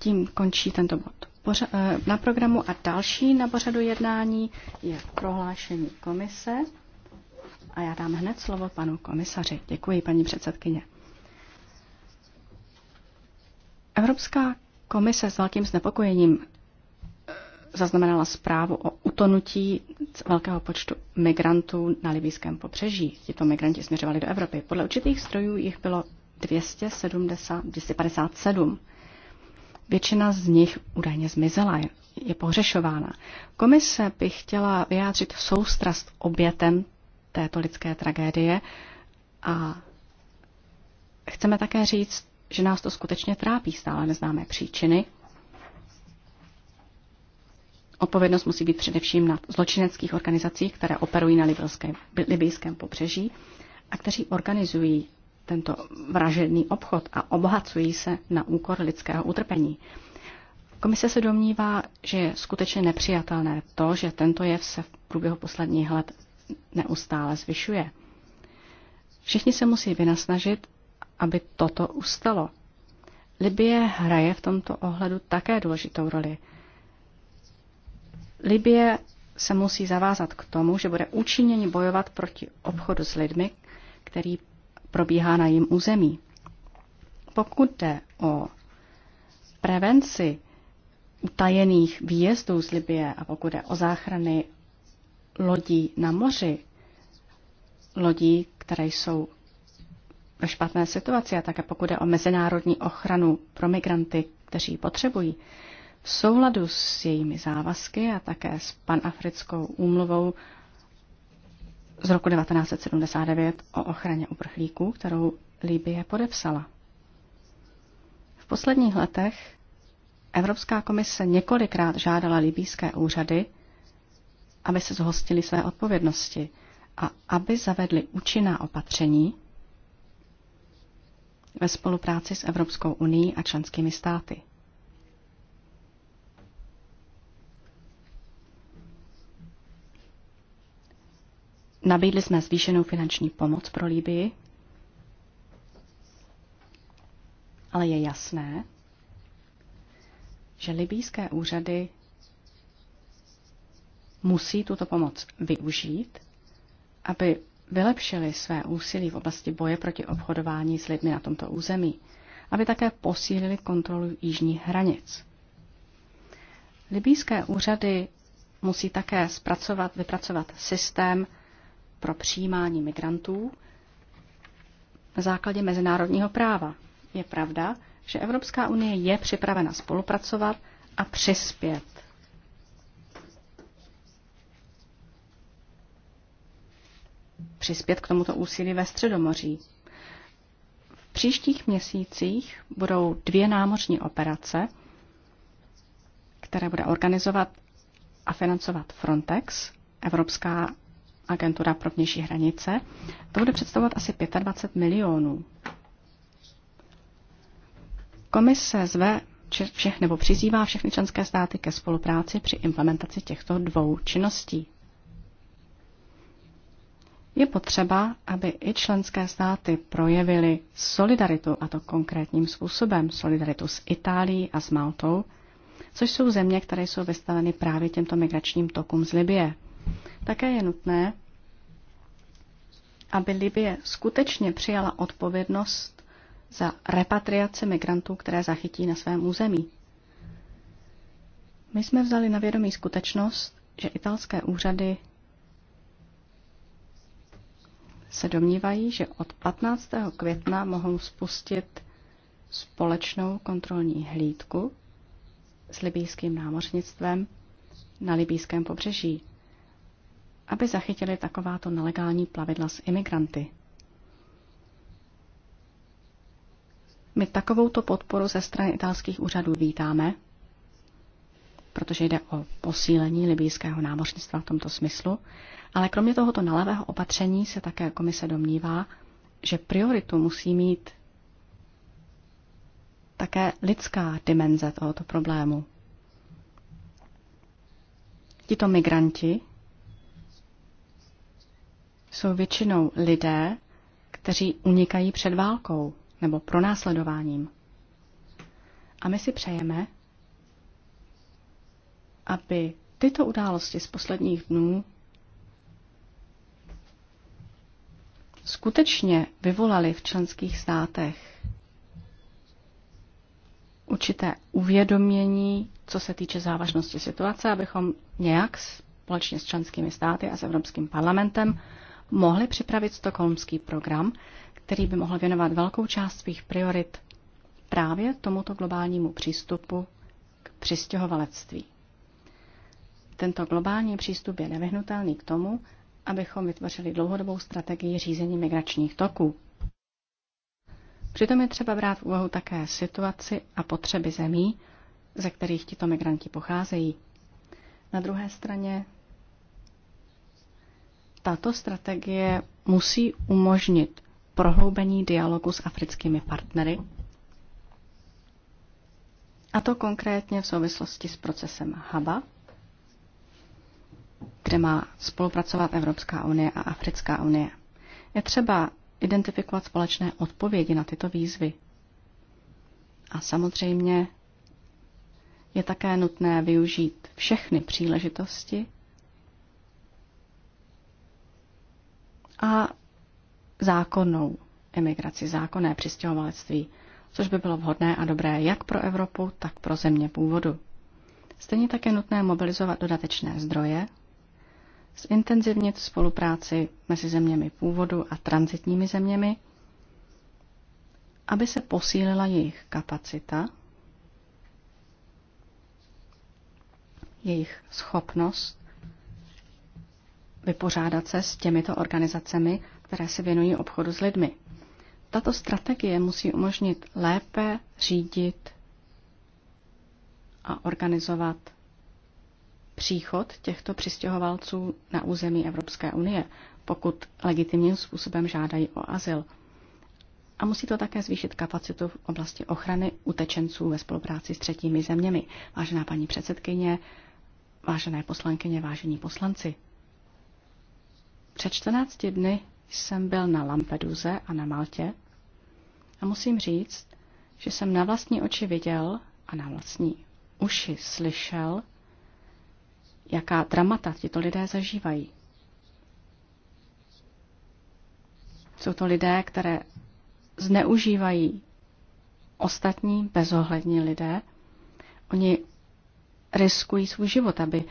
Tím končí tento bod eh, na programu a další na pořadu jednání je prohlášení komise. A já dám hned slovo panu komisaři. Děkuji, paní předsedkyně. Evropská komise s velkým znepokojením eh, zaznamenala zprávu o utonutí velkého počtu migrantů na libýském pobřeží. Tito migranti směřovali do Evropy. Podle určitých strojů jich bylo 270, 257. Většina z nich údajně zmizela, je pohřešována. Komise by chtěla vyjádřit soustrast obětem této lidské tragédie a chceme také říct, že nás to skutečně trápí, stále neznáme příčiny. Odpovědnost musí být především na zločineckých organizacích, které operují na libijském, pobřeží a kteří organizují tento vražedný obchod a obohacují se na úkor lidského utrpení. Komise se domnívá, že je skutečně nepřijatelné to, že tento jev se v průběhu posledních let neustále zvyšuje. Všichni se musí vynasnažit, aby toto ustalo. Libie hraje v tomto ohledu také důležitou roli. Libie se musí zavázat k tomu, že bude účinněně bojovat proti obchodu s lidmi, který probíhá na jejím území. Pokud jde o prevenci utajených výjezdů z Libie a pokud jde o záchrany lodí na moři, lodí, které jsou ve špatné situaci a také pokud jde o mezinárodní ochranu pro migranty, kteří ji potřebují, v souladu s jejími závazky a také s panafrickou úmluvou z roku 1979 o ochraně uprchlíků, kterou Libie podepsala. V posledních letech Evropská komise několikrát žádala libýské úřady, aby se zhostili své odpovědnosti a aby zavedli účinná opatření ve spolupráci s Evropskou unii a členskými státy. Nabídli jsme zvýšenou finanční pomoc pro Líbii, ale je jasné, že libýské úřady musí tuto pomoc využít, aby vylepšili své úsilí v oblasti boje proti obchodování s lidmi na tomto území, aby také posílili kontrolu jižních hranic. Libýské úřady musí také zpracovat, vypracovat systém pro přijímání migrantů na základě mezinárodního práva. Je pravda, že Evropská unie je připravena spolupracovat a přispět. Přispět k tomuto úsilí ve Středomoří. V příštích měsících budou dvě námořní operace, které bude organizovat a financovat Frontex, Evropská agentura pro vnější hranice, to bude představovat asi 25 milionů. Komise zve všech, nebo přizývá všechny členské státy ke spolupráci při implementaci těchto dvou činností. Je potřeba, aby i členské státy projevily solidaritu, a to konkrétním způsobem, solidaritu s Itálií a s Maltou, což jsou země, které jsou vystaveny právě těmto migračním tokům z Libie. Také je nutné, aby Libie skutečně přijala odpovědnost za repatriaci migrantů, které zachytí na svém území. My jsme vzali na vědomí skutečnost, že italské úřady se domnívají, že od 15. května mohou spustit společnou kontrolní hlídku s libijským námořnictvem na libijském pobřeží aby zachytili takováto nelegální plavidla s imigranty. My takovouto podporu ze strany italských úřadů vítáme, protože jde o posílení libijského námořnictva v tomto smyslu, ale kromě tohoto nalavého opatření se také komise domnívá, že prioritu musí mít také lidská dimenze tohoto problému. Tito migranti jsou většinou lidé, kteří unikají před válkou nebo pronásledováním. A my si přejeme, aby tyto události z posledních dnů skutečně vyvolaly v členských státech určité uvědomění, co se týče závažnosti situace, abychom nějak společně s členskými státy a s Evropským parlamentem mohli připravit stokholmský program, který by mohl věnovat velkou část svých priorit právě tomuto globálnímu přístupu k přistěhovalectví. Tento globální přístup je nevyhnutelný k tomu, abychom vytvořili dlouhodobou strategii řízení migračních toků. Přitom je třeba brát v úvahu také situaci a potřeby zemí, ze kterých tito migranti pocházejí. Na druhé straně tato strategie musí umožnit prohloubení dialogu s africkými partnery, a to konkrétně v souvislosti s procesem HABA, kde má spolupracovat Evropská unie a Africká unie. Je třeba identifikovat společné odpovědi na tyto výzvy. A samozřejmě je také nutné využít všechny příležitosti, a zákonnou emigraci, zákonné přistěhovalectví, což by bylo vhodné a dobré jak pro Evropu, tak pro země původu. Stejně tak je nutné mobilizovat dodatečné zdroje, zintenzivnit spolupráci mezi zeměmi původu a transitními zeměmi, aby se posílila jejich kapacita, jejich schopnost vypořádat se s těmito organizacemi, které se věnují obchodu s lidmi. Tato strategie musí umožnit lépe řídit a organizovat příchod těchto přistěhovalců na území Evropské unie, pokud legitimním způsobem žádají o azyl. A musí to také zvýšit kapacitu v oblasti ochrany utečenců ve spolupráci s třetími zeměmi. Vážená paní předsedkyně, vážené poslankyně, vážení poslanci, před 14 dny jsem byl na Lampeduze a na Maltě a musím říct, že jsem na vlastní oči viděl a na vlastní uši slyšel, jaká dramata tito lidé zažívají. Jsou to lidé, které zneužívají ostatní bezohlední lidé. Oni riskují svůj život, aby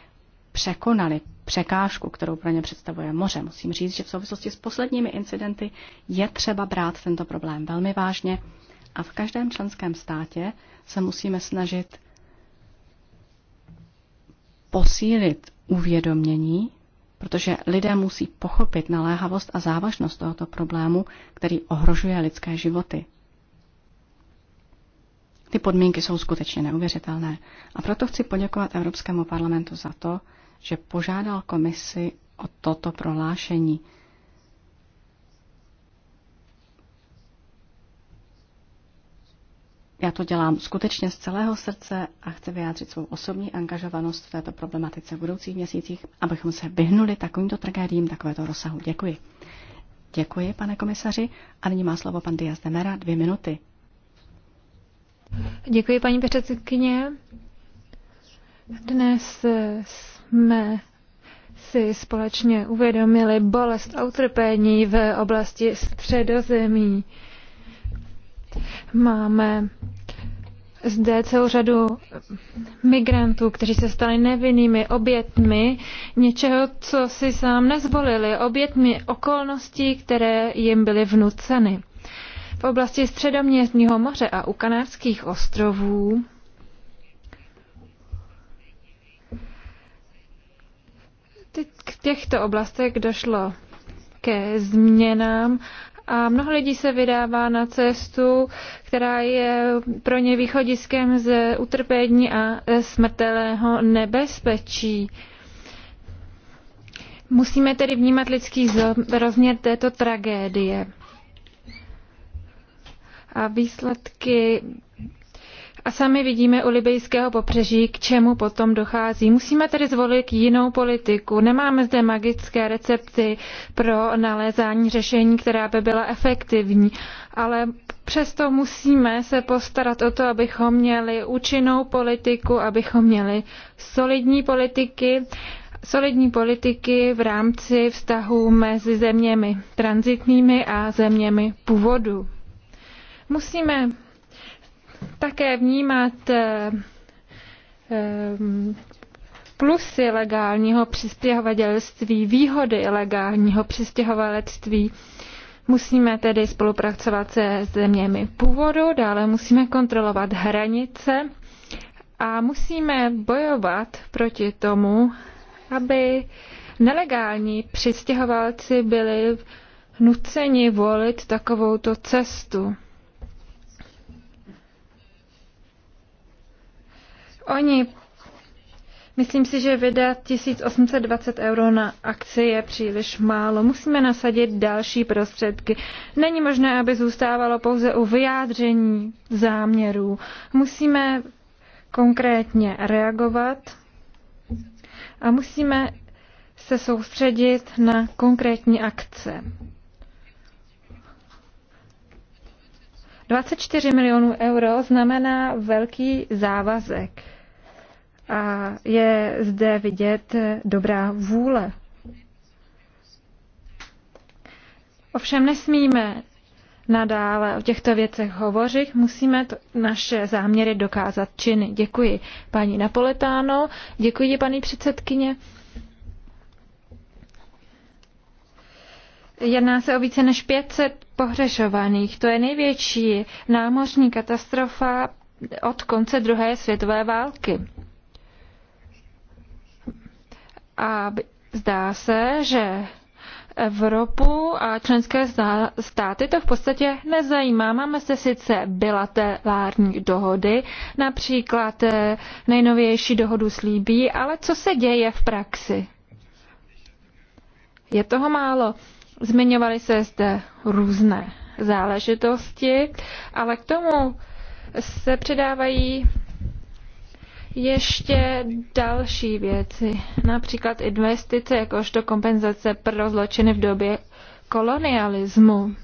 překonali překážku, kterou pro ně představuje moře. Musím říct, že v souvislosti s posledními incidenty je třeba brát tento problém velmi vážně a v každém členském státě se musíme snažit posílit uvědomění, protože lidé musí pochopit naléhavost a závažnost tohoto problému, který ohrožuje lidské životy. Ty podmínky jsou skutečně neuvěřitelné. A proto chci poděkovat Evropskému parlamentu za to, že požádal komisi o toto prohlášení. Já to dělám skutečně z celého srdce a chci vyjádřit svou osobní angažovanost v této problematice v budoucích měsících, abychom se vyhnuli takovýmto tragédiím takovéto rozsahu. Děkuji. Děkuji, pane komisaři. A nyní má slovo pan Diaz Demera, dvě minuty. Děkuji, paní předsedkyně. Dnes eh, jsme si společně uvědomili bolest a utrpení v oblasti středozemí. Máme zde celou řadu migrantů, kteří se stali nevinnými obětmi něčeho, co si sám nezvolili, obětmi okolností, které jim byly vnuceny v oblasti Středoměstního moře a u Kanárských ostrovů k těchto oblastech došlo ke změnám a mnoho lidí se vydává na cestu, která je pro ně východiskem z utrpení a smrtelého nebezpečí. Musíme tedy vnímat lidský rozměr této tragédie a výsledky a sami vidíme u libejského popřeží, k čemu potom dochází. Musíme tedy zvolit jinou politiku. Nemáme zde magické recepty pro nalézání řešení, která by byla efektivní, ale přesto musíme se postarat o to, abychom měli účinnou politiku, abychom měli solidní politiky, solidní politiky v rámci vztahů mezi zeměmi transitními a zeměmi původu. Musíme také vnímat eh, eh, plusy legálního přistěhovatelství, výhody legálního přistěhovalectví. Musíme tedy spolupracovat se zeměmi původu, dále musíme kontrolovat hranice a musíme bojovat proti tomu, aby nelegální přistěhovalci byli nuceni volit takovouto cestu. oni. Myslím si, že vydat 1820 euro na akci je příliš málo. Musíme nasadit další prostředky. Není možné, aby zůstávalo pouze u vyjádření záměrů. Musíme konkrétně reagovat a musíme se soustředit na konkrétní akce. 24 milionů euro znamená velký závazek a je zde vidět dobrá vůle. Ovšem nesmíme nadále o těchto věcech hovořit, musíme to, naše záměry dokázat činy. Děkuji paní Napoletáno, děkuji paní předsedkyně. Jedná se o více než 500 pohřešovaných. To je největší námořní katastrofa od konce druhé světové války. A zdá se, že Evropu a členské státy to v podstatě nezajímá. Máme se sice bilaterální dohody, například eh, nejnovější dohodu s Líbí, ale co se děje v praxi? Je toho málo. Zmiňovaly se zde různé záležitosti, ale k tomu se přidávají ještě další věci, například investice jakožto kompenzace pro zločiny v době kolonialismu.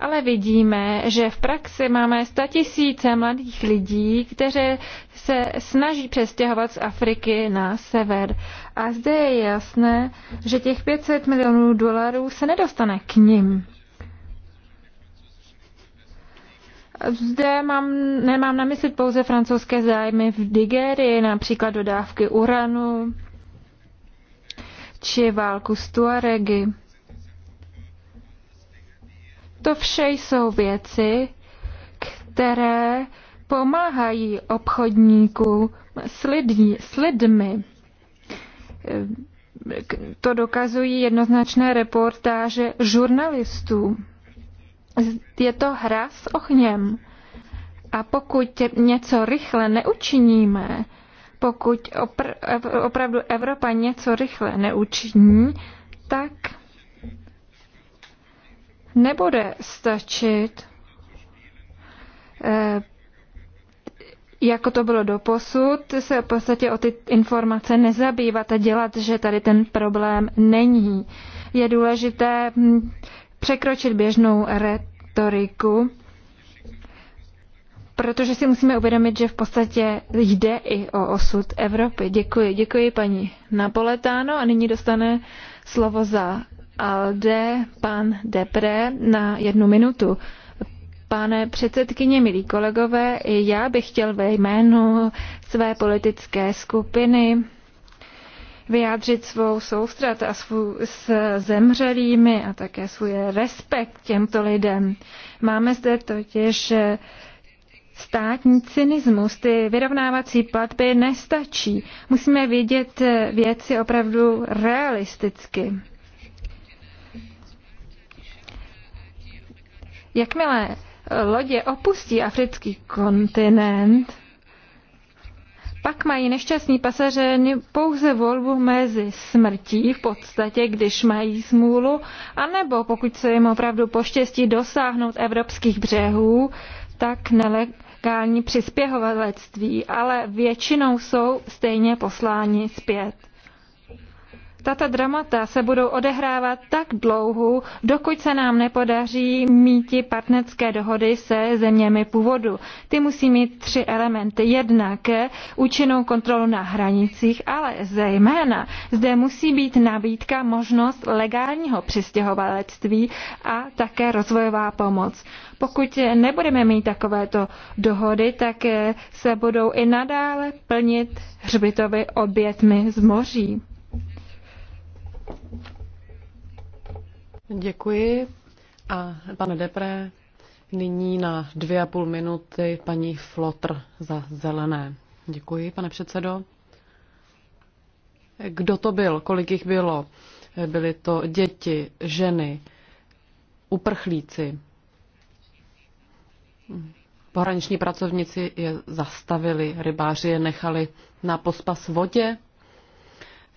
Ale vidíme, že v praxi máme tisíce mladých lidí, kteří se snaží přestěhovat z Afriky na sever. A zde je jasné, že těch 500 milionů dolarů se nedostane k ním. Zde mám, nemám na mysli pouze francouzské zájmy v Digerii, například dodávky uranu či válku s Tuaregy. To vše jsou věci, které pomáhají obchodníků s, lidí, s lidmi. To dokazují jednoznačné reportáže žurnalistů je to hra s ohněm. A pokud něco rychle neučiníme, pokud opr- opravdu Evropa něco rychle neučiní, tak nebude stačit, eh, jako to bylo doposud, se v podstatě o ty informace nezabývat a dělat, že tady ten problém není. Je důležité hm, překročit běžnou retoriku, protože si musíme uvědomit, že v podstatě jde i o osud Evropy. Děkuji, děkuji paní Napoletáno a nyní dostane slovo za Alde pan Depre na jednu minutu. Pane předsedkyně, milí kolegové, já bych chtěl ve jménu své politické skupiny vyjádřit svou soustrat a svů, s zemřelými a také svůj respekt těmto lidem. Máme zde totiž eh, státní cynismus, ty vyrovnávací platby nestačí. Musíme vidět eh, věci opravdu realisticky. Jakmile lodě opustí africký kontinent, pak mají nešťastní pasažéři pouze volbu mezi smrtí, v podstatě, když mají smůlu, anebo pokud se jim opravdu poštěstí dosáhnout evropských břehů, tak nelegální přispěhovalectví, ale většinou jsou stejně posláni zpět. Tato dramata se budou odehrávat tak dlouho, dokud se nám nepodaří míti partnerské dohody se zeměmi původu. Ty musí mít tři elementy. Jednak účinnou kontrolu na hranicích, ale zejména zde musí být nabídka možnost legálního přistěhovalectví a také rozvojová pomoc. Pokud nebudeme mít takovéto dohody, tak se budou i nadále plnit hřbitovy obětmi z moří. Děkuji. A pane Depré, nyní na dvě a půl minuty paní Flotr za zelené. Děkuji, pane předsedo. Kdo to byl? Kolik jich bylo? Byly to děti, ženy, uprchlíci. Pohraniční pracovníci je zastavili, rybáři je nechali na pospas vodě.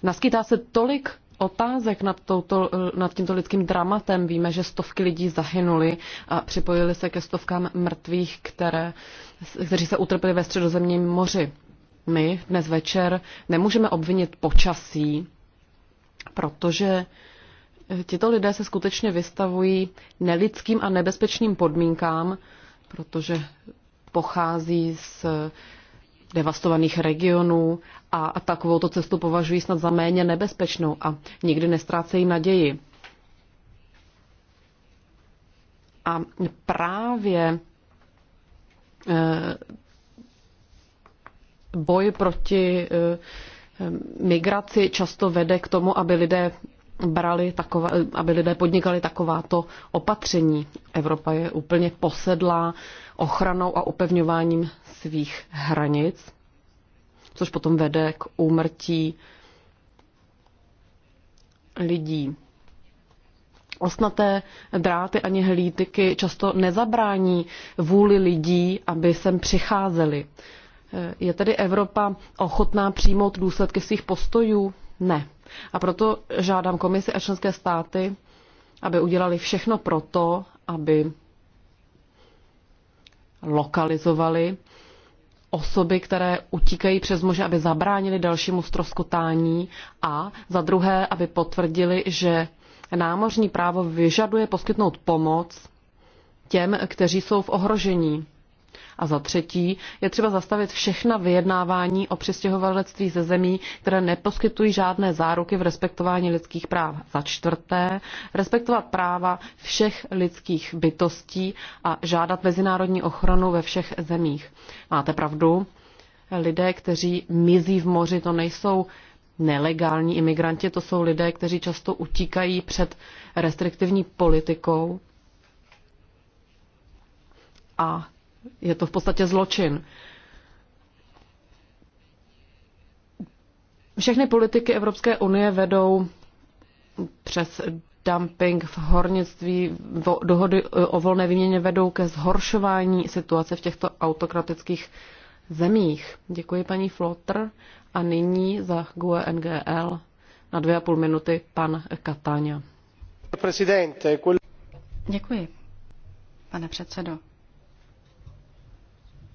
Naskytá se tolik otázek nad, touto, nad tímto lidským dramatem. Víme, že stovky lidí zahynuli a připojili se ke stovkám mrtvých, které, kteří se utrpěli ve středozemním moři. My dnes večer nemůžeme obvinit počasí, protože tito lidé se skutečně vystavují nelidským a nebezpečným podmínkám, protože pochází z devastovaných regionů a, takovou takovouto cestu považují snad za méně nebezpečnou a nikdy nestrácejí naději. A právě eh, boj proti eh, migraci často vede k tomu, aby lidé brali taková, aby lidé podnikali takováto opatření. Evropa je úplně posedlá ochranou a upevňováním svých hranic, což potom vede k úmrtí lidí. Osnaté dráty ani hlítyky často nezabrání vůli lidí, aby sem přicházeli. Je tedy Evropa ochotná přijmout důsledky svých postojů? Ne. A proto žádám komisi a členské státy, aby udělali všechno pro to, aby lokalizovali osoby, které utíkají přes moře, aby zabránili dalšímu stroskotání a za druhé, aby potvrdili, že námořní právo vyžaduje poskytnout pomoc těm, kteří jsou v ohrožení. A za třetí je třeba zastavit všechna vyjednávání o přistěhovalectví ze zemí, které neposkytují žádné záruky v respektování lidských práv. Za čtvrté respektovat práva všech lidských bytostí a žádat mezinárodní ochranu ve všech zemích. Máte pravdu, lidé, kteří mizí v moři, to nejsou nelegální imigranti, to jsou lidé, kteří často utíkají před restriktivní politikou a je to v podstatě zločin. Všechny politiky Evropské unie vedou přes dumping v hornictví, dohody e, o volné výměně vedou ke zhoršování situace v těchto autokratických zemích. Děkuji paní Flotr a nyní za GUE NGL na dvě a půl minuty pan Katáňa. Děkuji, pane předsedo.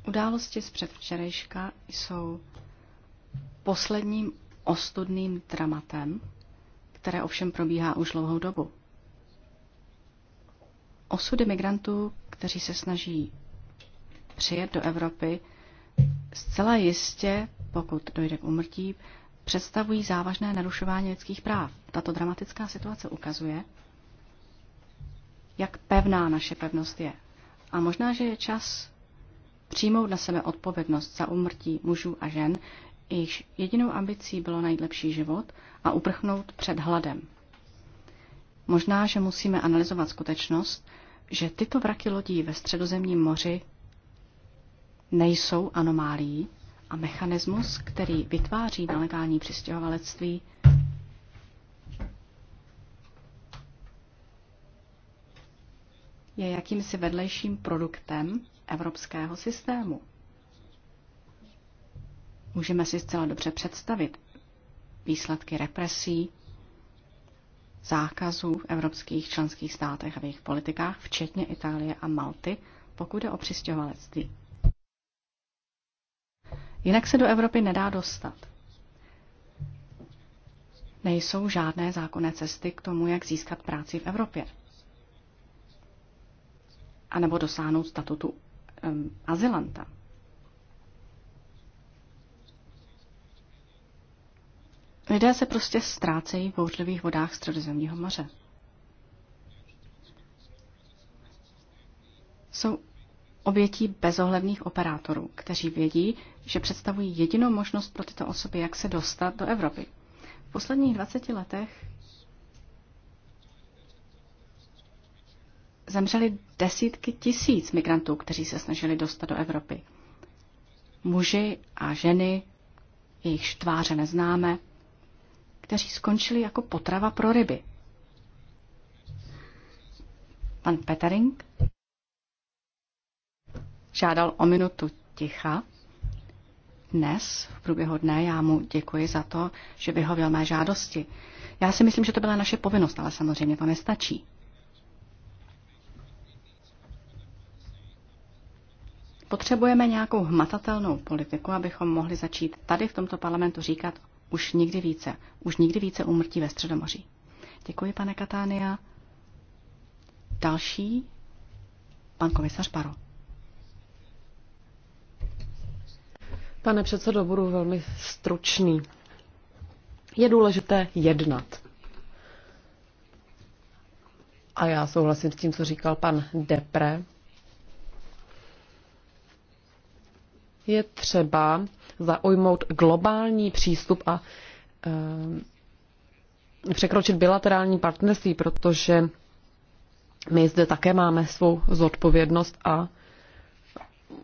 Události z předvčerejška jsou posledním ostudným dramatem, které ovšem probíhá už dlouhou dobu. Osudy migrantů, kteří se snaží přijet do Evropy, zcela jistě, pokud dojde k umrtí, představují závažné narušování lidských práv. Tato dramatická situace ukazuje, jak pevná naše pevnost je. A možná, že je čas přijmout na sebe odpovědnost za umrtí mužů a žen, jejichž jedinou ambicí bylo najít lepší život a uprchnout před hladem. Možná, že musíme analyzovat skutečnost, že tyto vraky lodí ve středozemním moři nejsou anomálií a mechanismus, který vytváří nelegální přistěhovalectví, je jakýmsi vedlejším produktem evropského systému. Můžeme si zcela dobře představit výsledky represí, zákazů v evropských členských státech a v jejich politikách, včetně Itálie a Malty, pokud jde o přistěhovalectví. Jinak se do Evropy nedá dostat. Nejsou žádné zákonné cesty k tomu, jak získat práci v Evropě anebo dosáhnout statutu um, azylanta. Lidé se prostě ztrácejí v bouřlivých vodách Středozemního moře. Jsou obětí bezohledných operátorů, kteří vědí, že představují jedinou možnost pro tyto osoby, jak se dostat do Evropy. V posledních 20 letech zemřeli desítky tisíc migrantů, kteří se snažili dostat do Evropy. Muži a ženy, jejichž tváře neznáme, kteří skončili jako potrava pro ryby. Pan Petering žádal o minutu ticha. Dnes, v průběhu dne, já mu děkuji za to, že vyhověl mé žádosti. Já si myslím, že to byla naše povinnost, ale samozřejmě to nestačí. Potřebujeme nějakou hmatatelnou politiku, abychom mohli začít tady v tomto parlamentu říkat už nikdy více, už nikdy více umrtí ve Středomoří. Děkuji, pane Katánia. Další, pan komisař Paro. Pane předsedo, budu velmi stručný. Je důležité jednat. A já souhlasím s tím, co říkal pan Depre, je třeba zaujmout globální přístup a eh, překročit bilaterální partnerství, protože my zde také máme svou zodpovědnost a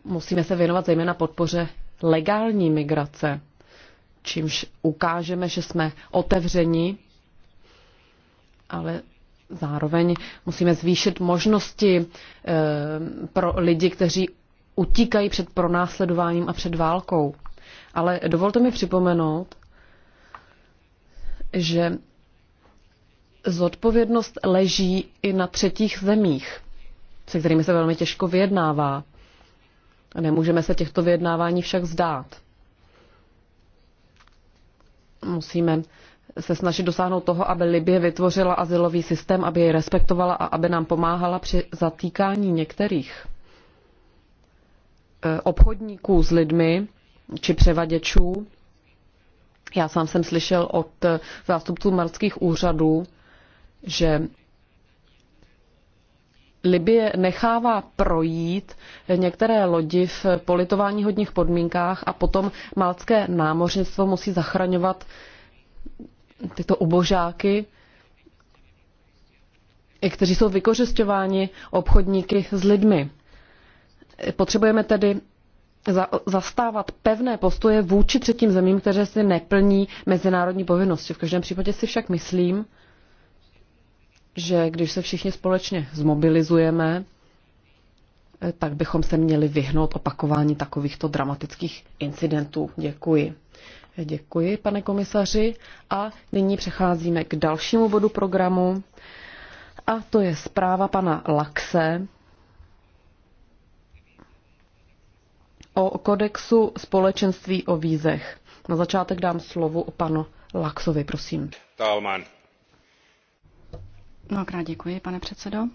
musíme se věnovat zejména podpoře legální migrace, čímž ukážeme, že jsme otevřeni, ale zároveň musíme zvýšit možnosti eh, pro lidi, kteří utíkají před pronásledováním a před válkou. Ale dovolte mi připomenout, že zodpovědnost leží i na třetích zemích, se kterými se velmi těžko vyjednává. Nemůžeme se těchto vyjednávání však zdát. Musíme se snažit dosáhnout toho, aby Libie vytvořila asilový systém, aby jej respektovala a aby nám pomáhala při zatýkání některých. Eh, obchodníků s lidmi či převaděčů. Já sám jsem slyšel od eh, zástupců marských úřadů, že Libie nechává projít některé lodi v politování hodních podmínkách a potom malcké námořnictvo musí zachraňovat tyto ubožáky, kteří jsou vykořišťováni obchodníky s lidmi. Potřebujeme tedy za, zastávat pevné postoje vůči třetím zemím, které si neplní mezinárodní povinnosti. V každém případě si však myslím, že když se všichni společně zmobilizujeme, eh, tak bychom se měli vyhnout opakování takovýchto dramatických incidentů. Děkuji. Děkuji, pane komisaři. A nyní přecházíme k dalšímu bodu programu. A to je zpráva pana Laxe o kodexu společenství o vízech. Na začátek dám slovo o panu Laxovi, prosím. Talman. Mnohokrát děkuji, pane předsedo.